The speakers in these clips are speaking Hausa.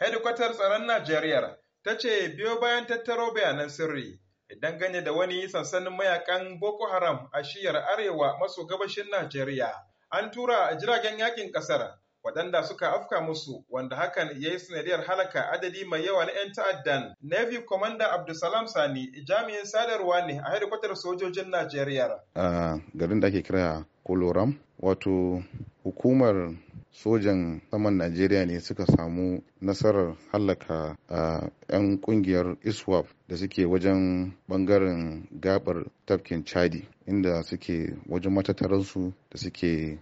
hedikwatar tsaron Najeriya ta ce biyo bayan tattaro bayanan sirri idan ganye da wani sansanin mayakan Boko Haram a shiyar arewa maso gabashin Najeriya. An tura a jiragen yakin ƙasar waɗanda suka afka musu wanda hakan ya yi sanadiyar halaka adadi mai yawa na 'yan ta'addan. Navy Commander Abdulsalam Sani jami'in sadarwa ne a hedikwatar sojojin Najeriya. garin da ake kira Koloram, wato hukumar sojan saman najeriya ne suka samu nasarar hallaka a 'yan kungiyar iswap da suke wajen bangaren gabar tafkin chadi inda suke wajen matataransu da suke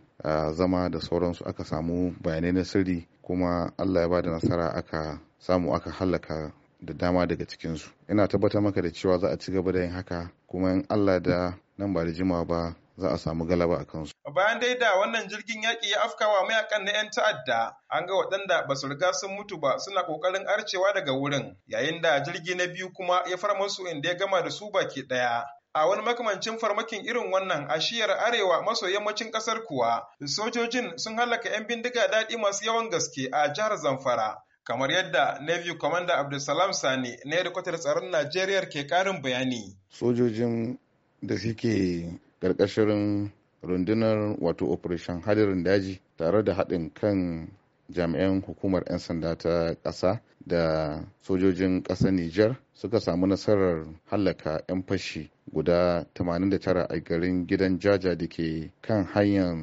zama da sauransu aka samu bayanai na sirri kuma allah ya ba da nasara aka samu aka hallaka da dama daga cikinsu ina tabbatar maka da cewa za a ci gaba da yin haka kuma in allah da nan ba da jimawa ba za a samu galaba a kansu. Bayan dai da wannan jirgin yaƙi ya afkawa mayakan na 'yan ta'adda an ga waɗanda ba su riga sun mutu ba suna ƙoƙarin arcewa daga wurin yayin da jirgi na biyu kuma ya fara musu inda ya gama da su baki ɗaya. A wani makamancin farmakin irin wannan a shiyar arewa maso yammacin ƙasar kuwa sojojin sun halaka 'yan bindiga daɗi masu yawan gaske a jihar Zamfara. kamar yadda Navy Commander Abdulsalam Sani na yadda Kwatar tsaron Najeriya ke karin bayani. Sojojin da suke ƙarƙashin rundunar wato operation hadirin daji tare da haɗin kan jami'an hukumar 'yan sanda ta ƙasa da sojojin ƙasar Nijar suka samu nasarar hallaka 'yan fashi guda 89 a garin gidan jaja da ke kan hanyar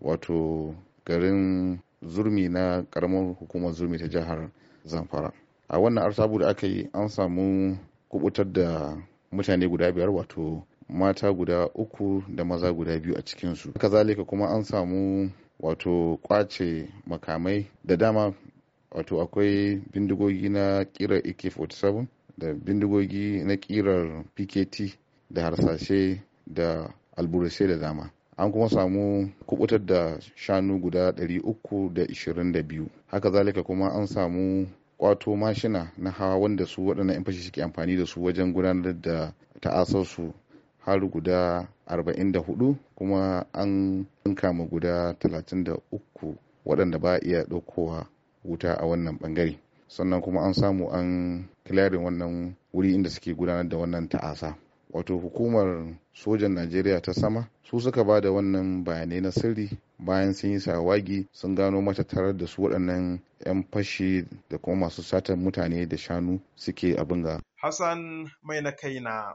wato garin zurmi na ƙaramar hukumar zurmi ta jihar zamfara a wannan arsabu da aka yi an samu kubutar da mutane guda biyar wato mata guda uku da maza guda biyu a cikinsu haka zalika kuma an samu wato kwace makamai da dama wato akwai bindigogi na kira ak-47 da bindigogi na kirar pkt da harsashe da alburashe da dama an kuma samu kubutar da shanu guda 322 haka zalika kuma an samu kwato mashina na hawa wanda su waɗannan 'yan fashi suke amfani da su wajen gudanar da ta'asarsu har guda 44 kuma an kama guda 33 waɗanda ba iya ɗaukowa wuta a wannan ɓangare sannan kuma an samu an kilarin wannan wuri inda suke gudanar da wannan ta'asa wato hukumar sojan najeriya ta sama su suka ba da wannan bayanai na sirri bayan sun yi sawagi sun gano matattarar da su waɗannan 'yan fashi da kuma masu satan mutane da shanu suke abin ga hassan mai na kai na.